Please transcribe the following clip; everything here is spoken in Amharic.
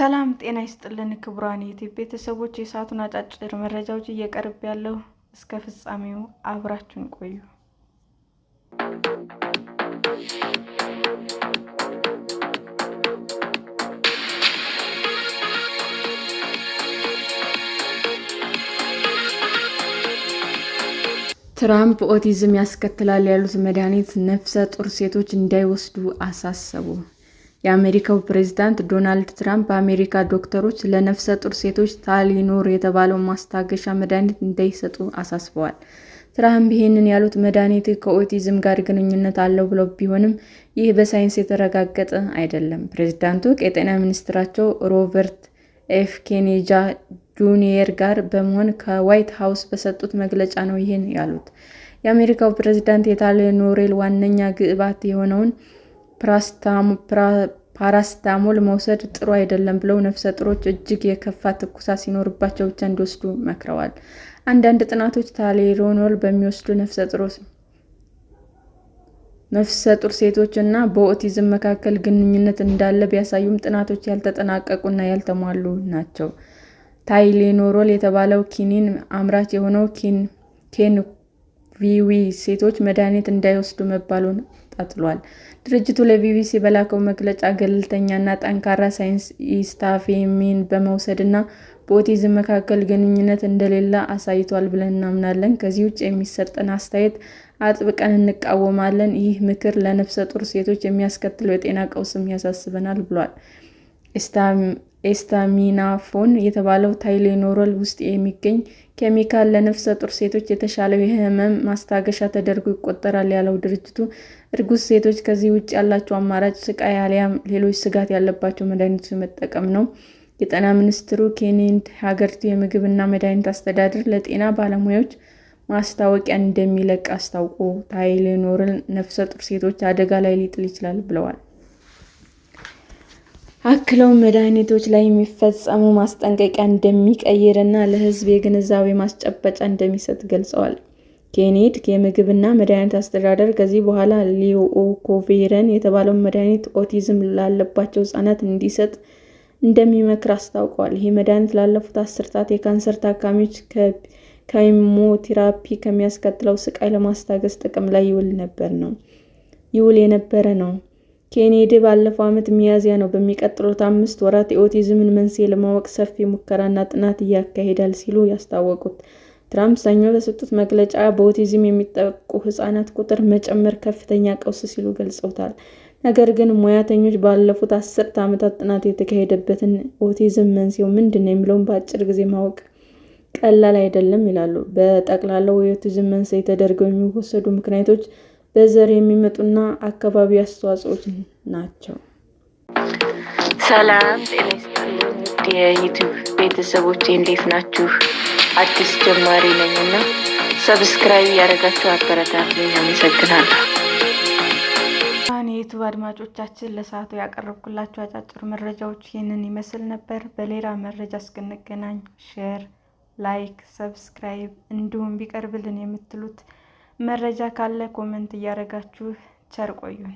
ሰላም ጤና ይስጥልን ክቡራን ዩቲዩብ ቤተሰቦች፣ የሰዓቱን አጫጭር መረጃዎች እየቀርብ ያለው እስከ ፍጻሜው አብራችሁን ቆዩ። ትራምፕ ኦቲዝም ያስከትላል ያሉት መድኃኒት ነፍሰ ጡር ሴቶች እንዳይወስዱ አሳሰቡ። የአሜሪካው ፕሬዝዳንት ዶናልድ ትራምፕ በአሜሪካ ዶክተሮች ለነፍሰ ጡር ሴቶች ታሊኖር የተባለው ማስታገሻ መድኃኒት እንዳይሰጡ አሳስበዋል። ትራምፕ ይህንን ያሉት መድኃኒት ከኦቲዝም ጋር ግንኙነት አለው ብለው ቢሆንም ይህ በሳይንስ የተረጋገጠ አይደለም። ፕሬዚዳንቱ ከጤና ሚኒስትራቸው ሮበርት ኤፍ ኬኔዲ ጁኒየር ጋር በመሆን ከዋይት ሃውስ በሰጡት መግለጫ ነው ይህን ያሉት። የአሜሪካው ፕሬዝዳንት የታሊኖሬል ዋነኛ ግብዓት የሆነውን ፓራስታሞል መውሰድ ጥሩ አይደለም ብለው ነፍሰ ጥሮች እጅግ የከፋ ትኩሳት ሲኖርባቸው ብቻ እንዲወስዱ መክረዋል። አንዳንድ ጥናቶች ታሌኖል በሚወስዱ ነፍሰ ጡር ሴቶች እና በኦቲዝም መካከል ግንኙነት እንዳለ ቢያሳዩም ጥናቶች ያልተጠናቀቁ እና ያልተሟሉ ናቸው። ታይሌኖሮል የተባለው ኪኒን አምራች የሆነው ኬንቪዊ ሴቶች መድኃኒት እንዳይወስዱ መባሉን ቀጥሏል። ድርጅቱ ለቢቢሲ በላከው መግለጫ ገለልተኛና ጠንካራ ሳይንስ ኢስታፌሚን በመውሰድና በኦቲዝም መካከል ግንኙነት እንደሌለ አሳይቷል ብለን እናምናለን። ከዚህ ውጭ የሚሰጠን አስተያየት አጥብቀን እንቃወማለን። ይህ ምክር ለነፍሰ ጡር ሴቶች የሚያስከትለው የጤና ቀውስም ያሳስበናል ብሏል። ኤስታሚናፎን የተባለው ታይሌኖል ውስጥ የሚገኝ ኬሚካል ለነፍሰ ጡር ሴቶች የተሻለው የህመም ማስታገሻ ተደርጎ ይቆጠራል ያለው ድርጅቱ፣ እርጉዝ ሴቶች ከዚህ ውጭ ያላቸው አማራጭ ስቃይ አሊያም ሌሎች ስጋት ያለባቸው መድኃኒቶች መጠቀም ነው። የጤና ሚኒስትሩ ኬኔዲ የሀገሪቱ የምግብና መድኃኒት አስተዳደር ለጤና ባለሙያዎች ማስታወቂያ እንደሚለቅ አስታውቆ ታይሌኖርን ነፍሰ ጡር ሴቶች አደጋ ላይ ሊጥል ይችላል ብለዋል። አክለው መድኃኒቶች ላይ የሚፈጸሙ ማስጠንቀቂያ እንደሚቀይርና ለሕዝብ የግንዛቤ ማስጨበጫ እንደሚሰጥ ገልጸዋል። ኬኔድ የምግብና መድኃኒት አስተዳደር ከዚህ በኋላ ሊኦኮቬረን የተባለውን መድኃኒት ኦቲዝም ላለባቸው ህጻናት እንዲሰጥ እንደሚመክር አስታውቀዋል። ይህ መድኃኒት ላለፉት አስርታት የካንሰር ታካሚዎች ከኬሞቴራፒ ከሚያስከትለው ስቃይ ለማስታገስ ጥቅም ላይ ይውል ነበር ነው ይውል የነበረ ነው ኬኔዲ ባለፈው ዓመት ሚያዝያ ነው በሚቀጥሉት አምስት ወራት የኦቲዝምን መንስኤ ለማወቅ ሰፊ ሙከራና ጥናት እያካሄዳል ሲሉ ያስታወቁት ትራምፕ ሰኞ በሰጡት መግለጫ በኦቲዝም የሚጠቁ ሕፃናት ቁጥር መጨመር ከፍተኛ ቀውስ ሲሉ ገልጸውታል። ነገር ግን ሙያተኞች ባለፉት አስርት ዓመታት ጥናት የተካሄደበትን ኦቲዝም መንስኤው ምንድን ነው የሚለውን በአጭር ጊዜ ማወቅ ቀላል አይደለም ይላሉ። በጠቅላላው የኦቲዝም መንስኤ ተደርገው የሚወሰዱ ምክንያቶች በዘር የሚመጡና አካባቢ አስተዋጽኦች ናቸው። ሰላም ጤና ይስጥልኝ። የዩቱብ ቤተሰቦች እንዴት ናችሁ? አዲስ ጀማሪ ነኝ እና ሰብስክራይብ ያደረጋችሁ አበረታትልኝ። አመሰግናለሁ። የዩቱብ አድማጮቻችን ለሰዓቱ ያቀረብኩላችሁ አጫጭር መረጃዎች ይህንን ይመስል ነበር። በሌላ መረጃ እስክንገናኝ ሼር፣ ላይክ፣ ሰብስክራይብ እንዲሁም ቢቀርብልን የምትሉት መረጃ ካለ ኮመንት እያደረጋችሁ ቸር ቆዩን።